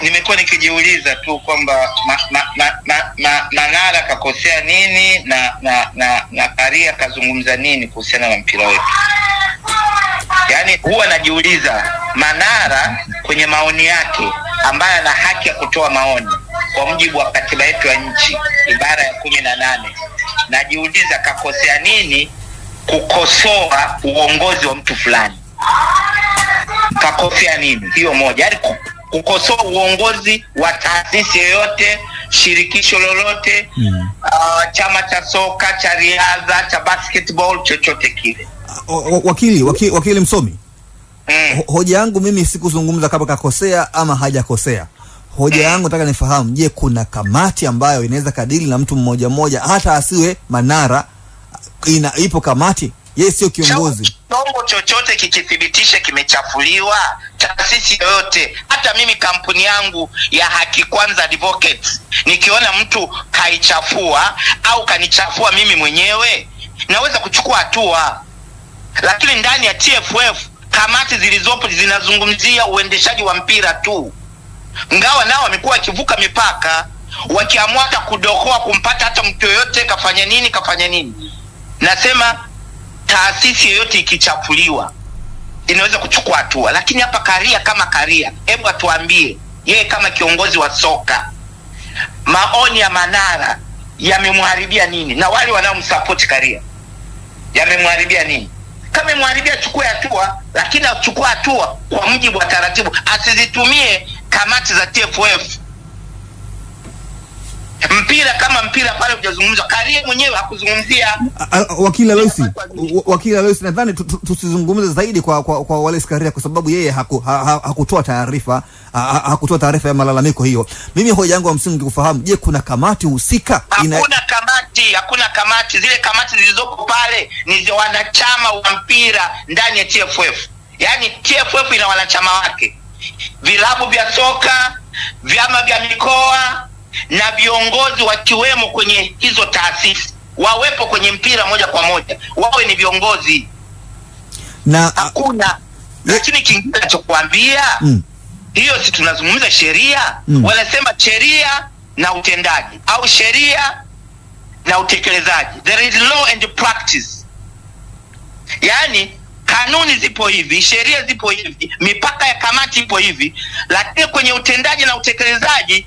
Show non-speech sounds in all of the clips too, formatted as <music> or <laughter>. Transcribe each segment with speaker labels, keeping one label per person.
Speaker 1: nimekuwa nikijiuliza tu kwamba Manara akakosea nini na na na na Karia akazungumza nini kuhusiana na mpira wetu. Yaani huwa najiuliza Manara kwenye maoni yake, ambaye ana haki ya kutoa maoni kwa mujibu wa katiba yetu ya nchi ibara ya kumi na nane, najiuliza kakosea nini kukosoa uongozi wa mtu fulani kakosea nini? Hiyo moja, yaani kukosoa uongozi wa taasisi yoyote, shirikisho lolote mm. uh, chama cha soka, cha riadha, cha basketball, chochote kile.
Speaker 2: Uh, wakili, wakili, wakili msomi mm. hoja yangu mimi sikuzungumza kama kakosea ama hajakosea hoja hmm. yangu nataka nifahamu, je, kuna kamati ambayo inaweza kadili na mtu mmoja mmoja hata asiwe Manara? Ina, ipo kamati yeye sio kiongozi.
Speaker 1: Chombo chochote kikithibitisha kimechafuliwa, taasisi yoyote, hata mimi kampuni yangu ya Haki Kwanza Advocates, nikiona mtu kaichafua au kanichafua mimi mwenyewe, naweza kuchukua hatua, lakini ndani ya TFF kamati zilizopo zinazungumzia uendeshaji wa mpira tu, ngawa nao wamekuwa wakivuka mipaka, wakiamua hata kudokoa kumpata hata mtu yoyote kafanya nini kafanya nini. Nasema taasisi yoyote ikichafuliwa inaweza kuchukua hatua, lakini hapa Karia kama Karia, hebu atuambie yeye kama kiongozi wa soka, maoni ya Manara yamemharibia nini? Na wale wanaomsapoti Karia yamemharibia nini? Kama imharibia, achukue hatua, lakini achukua hatua kwa mujibu wa taratibu, asizitumie kamati za TFF mpira kama mpira pale hujazungumzwa, Karie mwenyewe hakuzungumzia.
Speaker 2: Wakili Aloisi, wakili Aloisi, nadhani tusizungumze zaidi kwa kwa, kwa Wallace Karia kwa sababu yeye haku, ha, ha, hakutoa taarifa ha, hakutoa taarifa ya malalamiko hiyo. Mimi hoja yangu ya msingi kufahamu, je, kuna kamati husika?
Speaker 1: Ina... kamati, hakuna kamati. Zile kamati zilizoko pale ni za wanachama wa mpira ndani ya TFF, yaani TFF ina wanachama wake, vilabu vya soka, vyama vya mikoa na viongozi wakiwemo kwenye hizo taasisi wawepo kwenye mpira moja kwa moja, wawe ni viongozi na hakuna. Lakini kingine nachokuambia mm, hiyo si tunazungumza sheria mm, wanasema sheria na utendaji au sheria na utekelezaji, there is law and practice. Yani kanuni zipo hivi, sheria zipo hivi, mipaka ya kamati ipo hivi, lakini kwenye utendaji na utekelezaji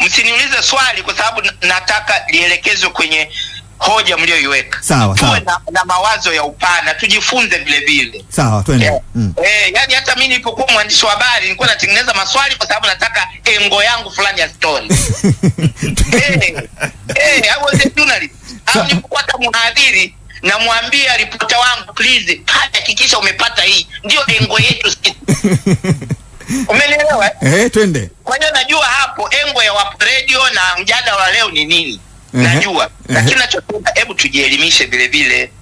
Speaker 1: msiniulize swali kwa sababu nataka lielekezwe kwenye hoja mlioiweka.
Speaker 2: Sawa, sawa. na,
Speaker 1: na mawazo ya upana, tujifunze vile vile.
Speaker 2: Sawa, twende. Eh,
Speaker 1: mm. Eh, yani hata mimi nilipokuwa mwandishi wa habari nilikuwa natengeneza maswali kwa sababu nataka engo yangu fulani ya story. <laughs> eh, eh, I was a journalist. Au nilipokuwa kama mhadhiri namwambia ripota wangu please, hakikisha umepata hii. Ndio engo yetu sisi. <laughs> Umenielewa? Eh?
Speaker 2: Eh, eh, twende.
Speaker 1: Kwa hiyo najua hapo engo ya Wapo Radio na mjadala wa leo ni nini? Uh -huh. Najua. Lakini uh -huh. hebu tujielimishe vile vile.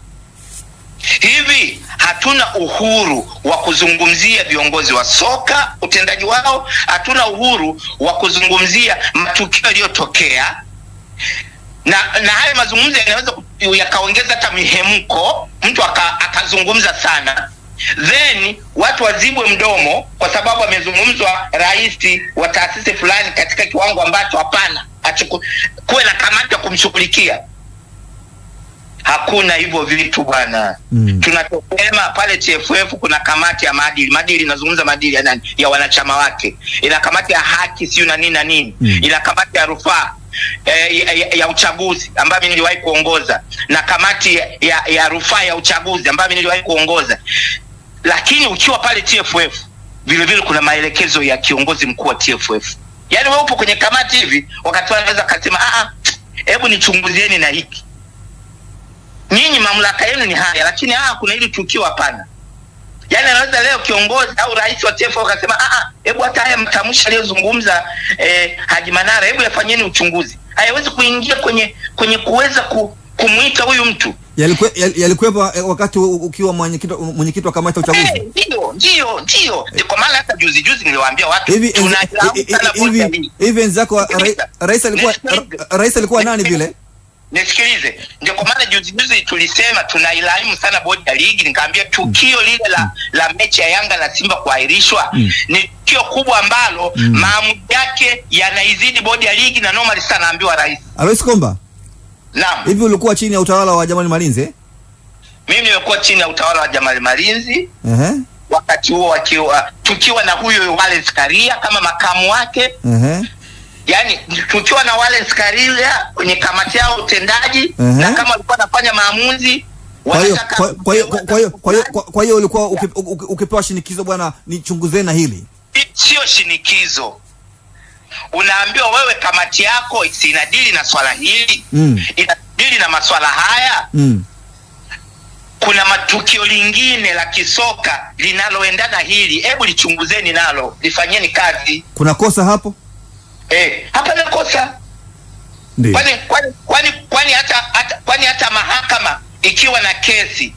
Speaker 1: Hivi hatuna uhuru wa kuzungumzia viongozi wa soka utendaji wao, hatuna uhuru wa kuzungumzia matukio yaliyotokea, na na haya mazungumzo yanaweza yakaongeza hata mihemko, mtu akazungumza aka sana then watu wazibwe mdomo kwa sababu amezungumzwa rais wa taasisi fulani katika kiwango ambacho hapana, kuwe na kamati ya kumshughulikia. Hakuna hivyo vitu bwana mm. Tunachosema pale TFF kuna kamati ya maadili, maadili inazungumza maadili ya nani, ya wanachama wake, ina kamati ya haki siyo na nini na nini mm. ina kamati ya rufaa e, ya, ya, ya uchaguzi ambayo mimi niliwahi kuongoza na kamati ya, ya, ya rufaa ya uchaguzi ambayo mimi niliwahi kuongoza lakini ukiwa pale TFF vile vile kuna maelekezo ya kiongozi mkuu wa TFF. Yaani wewe upo kwenye kamati hivi, wakati wanaweza kusema ah, ah, hebu nichunguzieni na hiki, nyinyi mamlaka yenu ni haya, lakini ah, kuna hili tukio, hapana. Yaani anaweza leo kiongozi au rais wa TFF akasema ah, ah, hebu hata haya matamshi aliyozungumza eh, Haji Manara, hebu yafanyeni uchunguzi. Hayawezi kuingia kwenye kwenye kuweza ku, kumuita huyu mtu
Speaker 2: yalikuwepo eh, wakati ukiwa mwenyekiti wa kamati ya uchaguzi. Eh,
Speaker 1: ndio, ndio, ndio, eh. kwa maana hata juzi juzi niliwaambia watu
Speaker 2: hivi hivi, hivi, wenzako rais alikuwa rais alikuwa nani vile
Speaker 1: Nisikilize, ndio kwa maana juzi juzi tulisema tunailaimu sana bodi ya ligi. Nikamwambia tukio lile la, la mechi ya Yanga na Simba kuahirishwa mm. ni tukio kubwa ambalo mm. maamuzi yake yanaizidi bodi ya ligi na normal sana naambiwa rais
Speaker 2: Alois Komba Naam. Hivi ulikuwa chini ya utawala wa Jamali Malinzi?
Speaker 1: Mimi nimekuwa chini ya utawala wa Jamali Malinzi. uh -huh. Wakati huo wakiwa tukiwa na huyo Wallace Karia kama makamu wake. uh -huh. Yaani tukiwa na Wallace Karia kwenye kamati yao utendaji. uh -huh. Na kama alikuwa anafanya maamuzi
Speaker 2: kwa hiyo ulikuwa ukipewa shinikizo bwana, nichunguzeni na hili.
Speaker 1: Sio shinikizo unaambiwa wewe, kamati yako sinadili na swala hili mm. inadili na maswala haya mm. kuna matukio lingine la kisoka linaloendana hili, hebu lichunguzeni nalo lifanyeni kazi.
Speaker 2: Kuna kosa hapo
Speaker 1: eh? Hapana kosa kwani, kwani, kwani, kwani, hata, hata, kwani hata mahakama ikiwa na kesi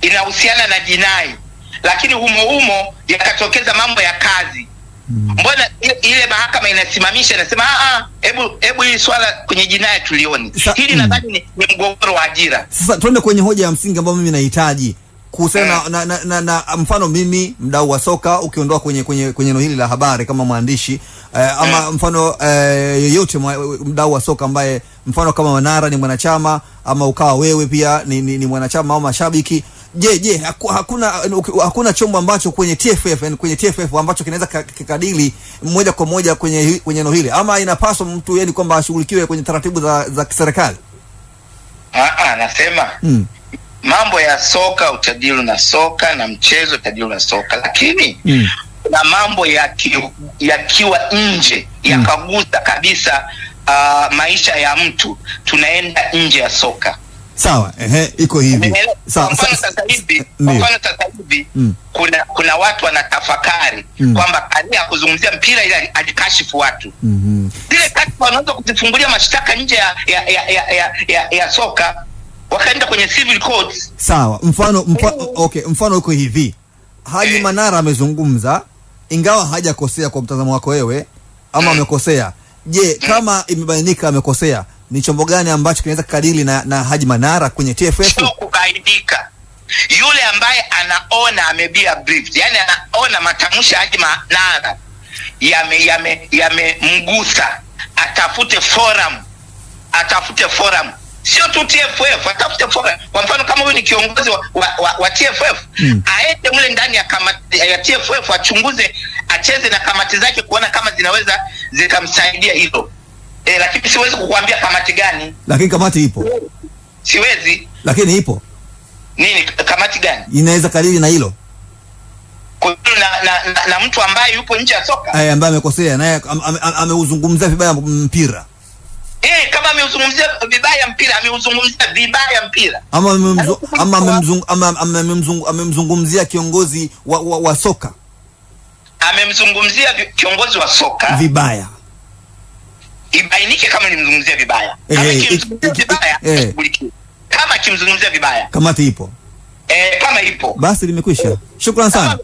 Speaker 1: inahusiana na jinai, lakini humohumo yakatokeza mambo ya kazi Mm. Mbona ile mahakama inasimamisha inasema, ah, ah, hebu hebu hii swala kwenye jinai tulioni hili. Mm. Nadhani ni mgogoro wa ajira.
Speaker 2: Sasa tuende kwenye hoja ya msingi ambayo mimi nahitaji kuhusiana na, eh. na, na, na mfano mimi mdau wa soka ukiondoa kwenye kwenye kwenye hili la habari kama mwandishi eh, ama hmm, mfano yeyote eh, mdau wa soka ambaye mfano kama Manara ni mwanachama ama ukawa wewe pia ni, ni, ni mwanachama au mashabiki Je, je haku, hakuna hakuna chombo ambacho kwenye TFF yani kwenye TFF ambacho kinaweza kikadili moja kwa moja kwenye kwenye eneo hili, ama inapaswa mtu yani kwamba ashughulikiwe kwenye taratibu za za kiserikali?
Speaker 1: Ah, ah nasema mm. Mambo ya soka utajiri na soka na mchezo utajiri na soka, lakini mm. na mambo yakiwa ya nje hmm. yakagusa kabisa uh, maisha ya mtu, tunaenda nje ya soka
Speaker 2: Sawa, ehe, iko hivi.
Speaker 1: Sawa. sasa hivi, hivi mm. kuna kuna watu wanatafakari mm. kwamba Kari akuzungumzia mpira ile alikashifu watu. Mhm. Zile kashfa wanaweza kuzifungulia mashtaka nje ya ya ya ya, ya, ya soka wakaenda kwenye civil courts.
Speaker 2: Sawa, mfano mfano mm. okay, mfano uko hivi. Haji eh, Manara amezungumza ingawa hajakosea kwa mtazamo wako wewe ama mm. amekosea. Je, kama imebainika amekosea ni chombo gani ambacho kinaweza kukadili na, na Haji Manara kwenye TFF? Sio
Speaker 1: yule ambaye anaona amebia brief, yani anaona matamshi ya Haji Manara yamemgusa, yame, yame atafute forum, atafute forum sio tu TFF, atafute forum. Kwa mfano kama huyu ni kiongozi wa, wa, wa TFF mm, aende mle ndani ya kamati ya TFF achunguze, acheze na kamati zake kuona kama zinaweza zikamsaidia hilo. E, lakini siwezi kukuambia kamati gani.
Speaker 2: Lakini kamati ipo.
Speaker 1: Siwezi. Lakini ipo. Nini kamati gani?
Speaker 2: Inaweza kadiri na hilo.
Speaker 1: Kwa na, na, na, na mtu ambaye yupo nje ya soka.
Speaker 2: Eh, ambaye amekosea naye ameuzungumzia am, am, vibaya mpira.
Speaker 1: Eh, kama ameuzungumzia vibaya mpira, ameuzungumzia vibaya mpira.
Speaker 2: Ama amemzungumzia ama, ama, amemzungumzia kiongozi wa, wa, wa soka.
Speaker 1: Amemzungumzia kiongozi wa soka. Vibaya ibainike kama nimzungumzia vibaya. Eh, kama eh, kimzungumzia eh, vibaya Kama kimzungumzia vibaya,
Speaker 2: kamati ipo
Speaker 1: eh, kama ipo
Speaker 2: basi limekwisha. shukran sana.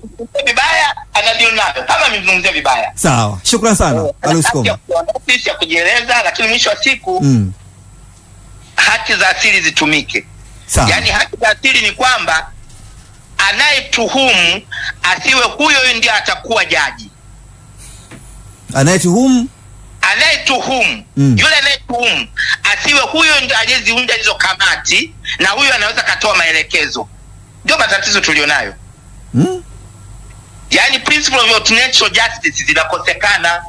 Speaker 1: Vibaya anadio nayo kama amemzungumzia vibaya,
Speaker 2: sawa. shukran sana Alusikoma,
Speaker 1: sisi ya kujieleza, lakini mwisho wa siku mm. haki za asili zitumike. Sawa, yani haki za asili ni kwamba anayetuhumu asiwe huyo ndiye atakuwa jaji
Speaker 2: anayetuhumu
Speaker 1: anayetuhumu mm. yule anayetuhumu asiwe huyo aliyeziunda hizo kamati, na huyo anaweza katoa maelekezo. Ndio matatizo tulionayo mm. Yaani principle of natural justice zinakosekana.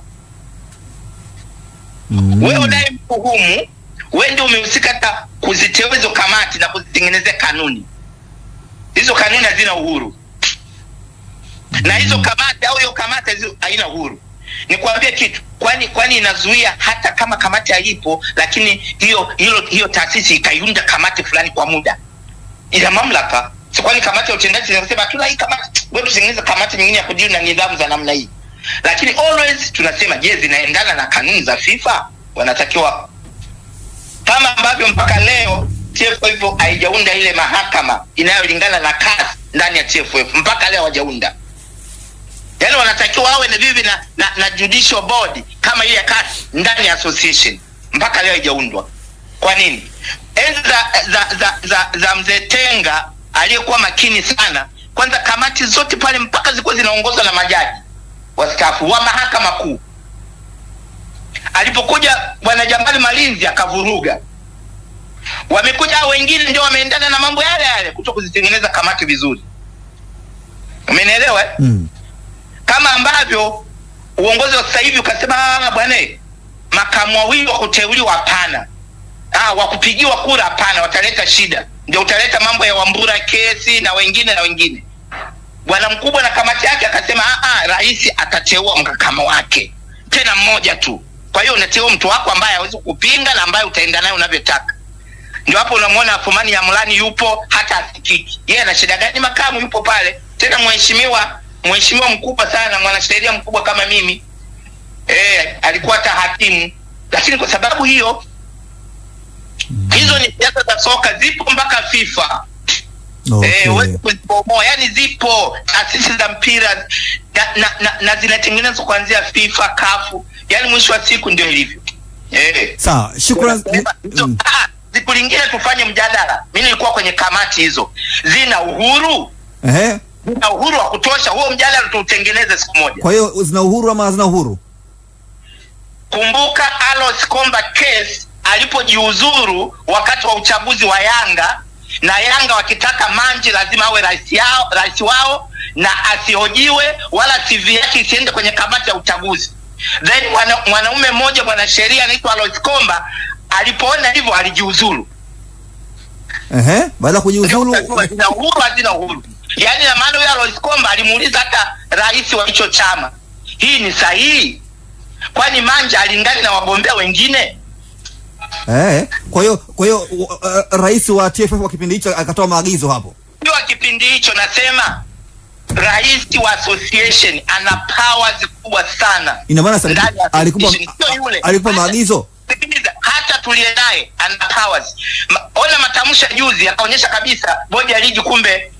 Speaker 1: mm. Wewe unayemtuhumu wewe ndio umehusika hata kuziteua hizo kamati na kuzitengeneza kanuni. Hizo kanuni hazina uhuru mm. na hizo mm. kamati au hiyo kamati haina uhuru. Nikwambie kitu, kwani kwani inazuia hata kama kamati haipo, lakini hiyo hilo hiyo taasisi ikaiunda kamati fulani kwa muda, ina mamlaka si kwani kamati ya utendaji inasema tuna hii kamati, wewe tutengeneze kamati nyingine ya kudili na nidhamu za namna hii. Lakini always tunasema je, zinaendana na kanuni za FIFA? Wanatakiwa kama ambavyo mpaka leo TFF hivyo haijaunda ile mahakama inayolingana na kazi ndani ya TFF, mpaka leo hawajaunda yani wanatakiwa awe na vivi na, na, na judicial board kama ile ya kati ndani ya association, mpaka leo haijaundwa. Kwa nini? Enzi za, za, za, za, za mzee Tenga aliyekuwa makini sana, kwanza kamati zote pale mpaka zilikuwa zinaongozwa na majaji wastaafu wa mahakama kuu. Alipokuja bwana Jambali Malinzi akavuruga, wamekuja wengine ndio wameendana na mambo yale yale kuto kuzitengeneza kamati vizuri, umenielewa? Eh? mm kama ambavyo uongozi wa sasa hivi ukasema ah, bwana, makamu wawili wa kuteuliwa hapana, ah, wa kupigiwa kura hapana, wataleta shida, ndio utaleta mambo ya Wambura kesi na wengine na wengine. Bwana Mkubwa na kamati yake akasema ah, ah rais atateua mkakama wake tena mmoja tu. Kwa hiyo unateua mtu wako ambaye hawezi kupinga na ambaye utaenda naye unavyotaka. Ndio hapo unamwona ya mlani yupo hata asikiki. Yeye ana shida gani? Makamu yupo pale, tena mheshimiwa mheshimiwa mkubwa sana, mwanasheria mkubwa kama mimi eh, alikuwa hata hakimu, lakini kwa sababu hiyo mm. hizo ni siasa za soka zipo mpaka FIFA. Eh, okay. Eh, wewe yani, zipo taasisi za mpira na, na, na, na zinatengenezwa kuanzia FIFA, kafu yani mwisho wa siku ndio ilivyo. Eh.
Speaker 2: Sawa, shukrani.
Speaker 1: lingine tufanye mjadala. Mimi nilikuwa kwenye kamati hizo. Zina uhuru? Eh zina uhuru wa kutosha. Huo mjadala tuutengeneze siku moja. Kwa
Speaker 2: hiyo zina uhuru ama hazina uhuru?
Speaker 1: Kumbuka Alois Komba case alipojiuzuru wakati wa uchaguzi wa Yanga na Yanga wakitaka Manji lazima awe rais yao, rais wao na asihojiwe wala CV yake isiende kwenye kamati ya uchaguzi. Then mwanaume mmoja mwanasheria anaitwa Alois Komba alipoona hivyo alijiuzuru.
Speaker 2: Ehe, baada kujiuzuru,
Speaker 1: hazina uhuru, hazina uhuru Yaani na maana huyo Alois Komba alimuuliza hata rais wa hicho chama, hii ni sahihi? Kwani Manja alingani na wagombea wengine?
Speaker 2: Eh, kwa hiyo kwa hiyo uh, uh rais wa TFF wa kipindi hicho akatoa maagizo hapo.
Speaker 1: Ndio wa kipindi hicho nasema rais wa association ana powers kubwa sana.
Speaker 2: Ina maana sasa alikupa alikupa maagizo.
Speaker 1: Hata tulie naye ana powers. Ma, ona matamshi juzi yanaonyesha kabisa bodi ya ligi kumbe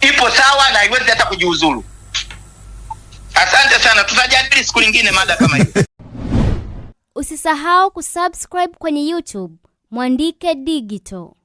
Speaker 1: ipo sawa na iwezi hata kujiuzuru. Asante sana, tutajadili siku nyingine mada kama hii. Usisahau kusubscribe kwenye YouTube Mwandike Digital.